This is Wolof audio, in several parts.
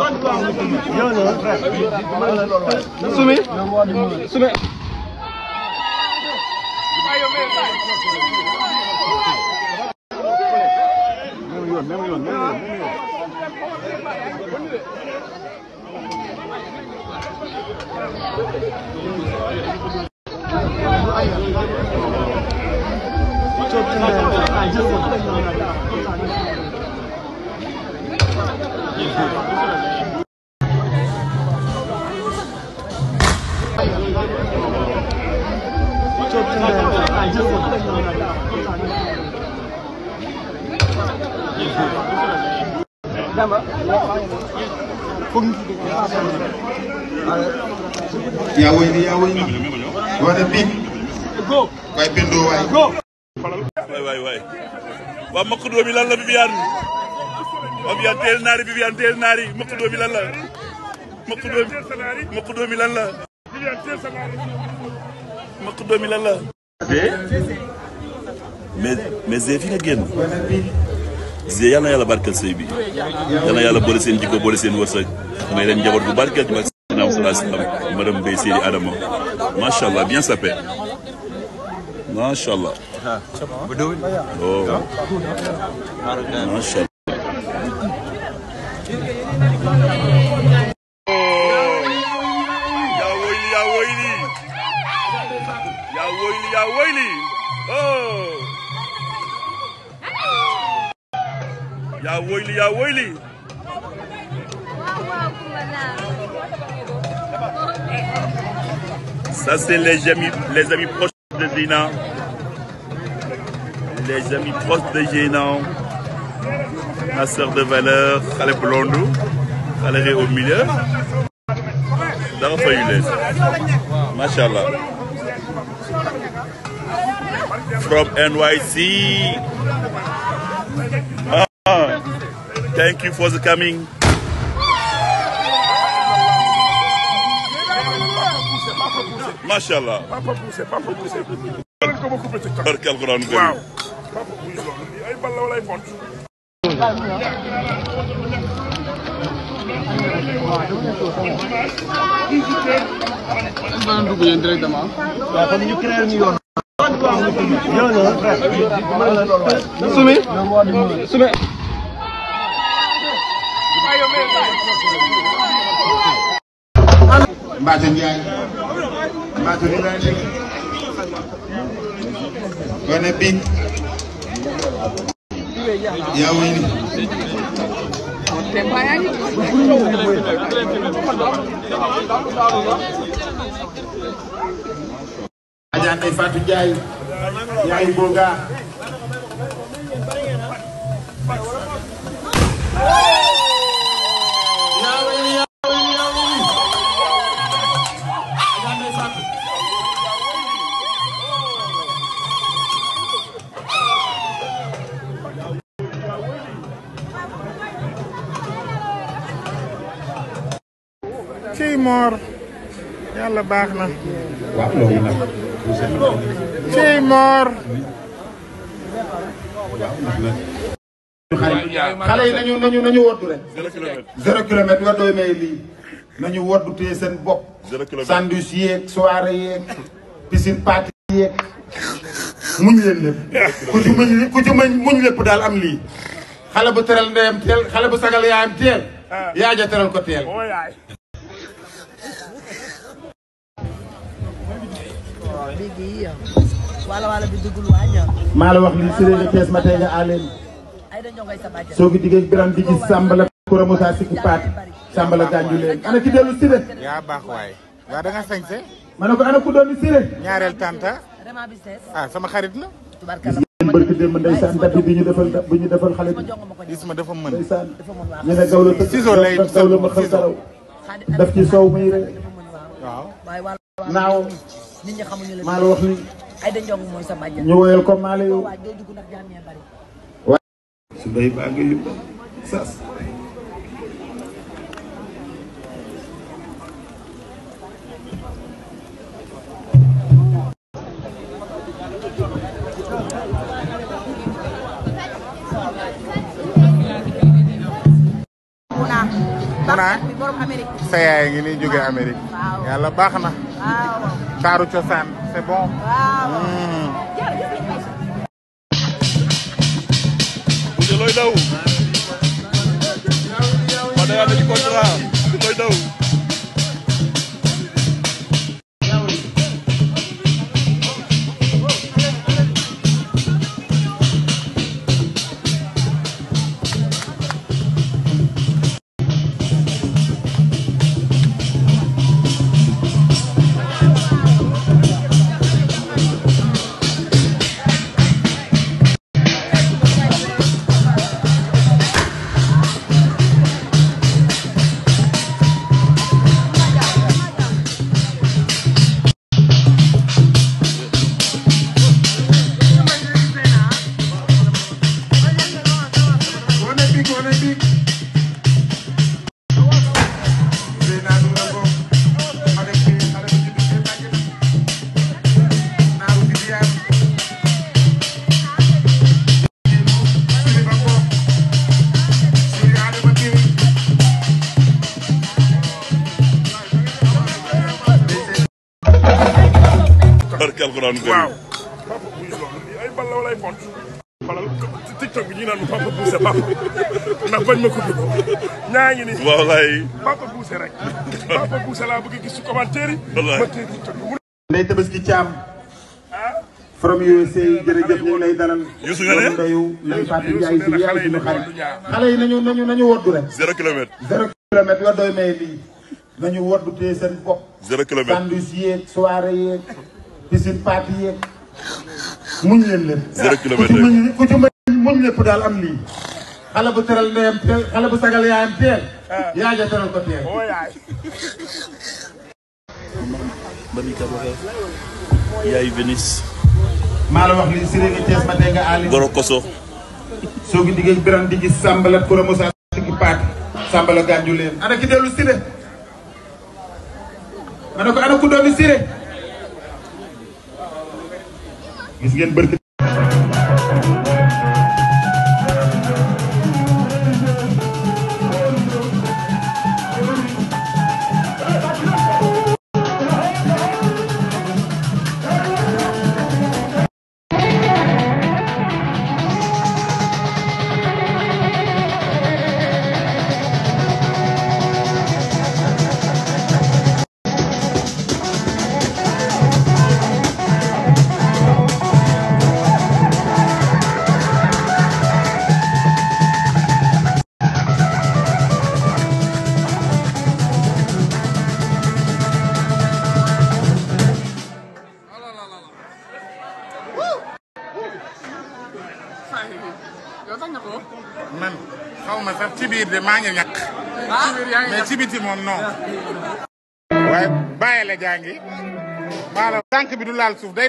Sumi Sumi Çok güzel. yaa woy ni yaa woy ni wane bi waay bindoo waay waay waay waay waa makk doo bi lan la Viviane waa Viviane teel naari Viviane teel naari makk doo bi lan la makk doo makk doo bi lan la makk doo bi lan la mais mais Zé fi nga génn Zé yal yàlla barkeel sëy bi yal yàlla boole seen jikko boole seen wërsëg may leen njaboot bu barkeel ci maanaam salaa salaam madame Mbaye Seydi Adama macha allah bien sapé macha allah. Ah, oh. macha allah. woyli yaa woyli ça c'est les amis les amis proches de Zeyna les amis proches de Zeyna ma sœur de valeur xale blondu xale ré au milieu dara fayu leen macha allah from NYC Thank you for the coming. macha allah. papa poussé papa poussé. ko ma coupé TikTok. barkeel ko daan waaw. papa poussé loolu ay bal la wala ay font. waaw dugg yéen directement. waaw comme ñu créé ñu yoon. yoon la. sumi sumi Mbathio Ndiaye Mbathio United Gone Big Yawini Ajaan Fatou Ndiaye Yaay Boga baax na. waaw loolu nag. ciy moor. xale yi nañu nañu nañu woddu rek. zéro kilomètre waddooy may lii. nañu woddu tee seen bopp. zéro kilomètre soirée yeeg piscine party yeeg. muñ leen lépp. ku ci muñ ku daal am lii. xale bu teral ndeyam teel xale bu sagal yaayam teel. Ah. yaa ja teral ko teel. Oh, maa la wax li séréer de Thiès ma tey nga aleen soo ko diggee biram di gis sàmbala kura Moussa sikku paat sàmbala gànju leen ana ki dellu siré yaa baax waay waa da nga sañse ma ne ko ana ku doon ñaareel tanta ah, sama xarit la yéen barki démb ndeysaan dab bi ñu defal bi ñu defal xale bi gis ma dafa mën ndeysaan ñu ne gaw la tëgg gaw la ma xal daraw daf ci soow muy rek naaw nit ñi xamuñu maa la wax lii. Aïda Ndiongue mooy sa bàjjan. ñu woyal ko maa la yow. Sa yaay ngi nii jóge Amérique. yàlla baax na. Daaru cosaan c'est bon. bu hmm. dee looy daw. ma ne yaa dañu contrat looy daw. muy loolu lii ay balla wala ay pont. balal tiktok bi ñu naan papa Bousse papa ndax bañ ma wallaay papa Bousse rek papa Bousse laa bëgg gis commentaire wallaay ma tey tiktok bi. Ndeye Tabaski Thiam. from USA jërëjëf ñu ngi lay dalal. xale yi nañu nañu woddu rek. zéro kilomètre. zéro kilomètre yoo doy may lii nañu woddu tee seen bopp. zéro kilomètre sandwich soirée yeeg piscine party yeeg. muñ leen lépp. zéro kilomètre yi ku ci muñ muñ lépp daal am lii. xale bu tëral ndeyam teel xale bu sagal yaayam teel. yaa ja tëral ko teel. Oh, yaay Vénice. maa la wax lii Serigne Thiès ma dégg Ali. Goro Koso. soo ko diggee biran di gis Sambala Koura Moussa Siki Paak. Sambala gànju leen. ana ki dellu Siré. ma ne ko ana ku doon Siré. gis ngeen bërki de maa ngi ñàkk. mais ci biti maa la tànk bi du laal suuf day.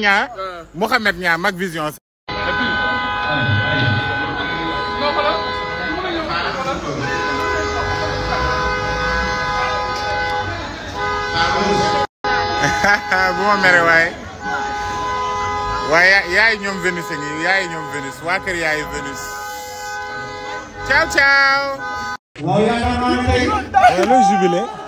Niang Mouhamed Niang Mak Vision bu ma mere waaye waaye yaay ñoom Vénus yaay ñoom Vénus waa yaay Vénus ciao ciao waaw yaakaar naa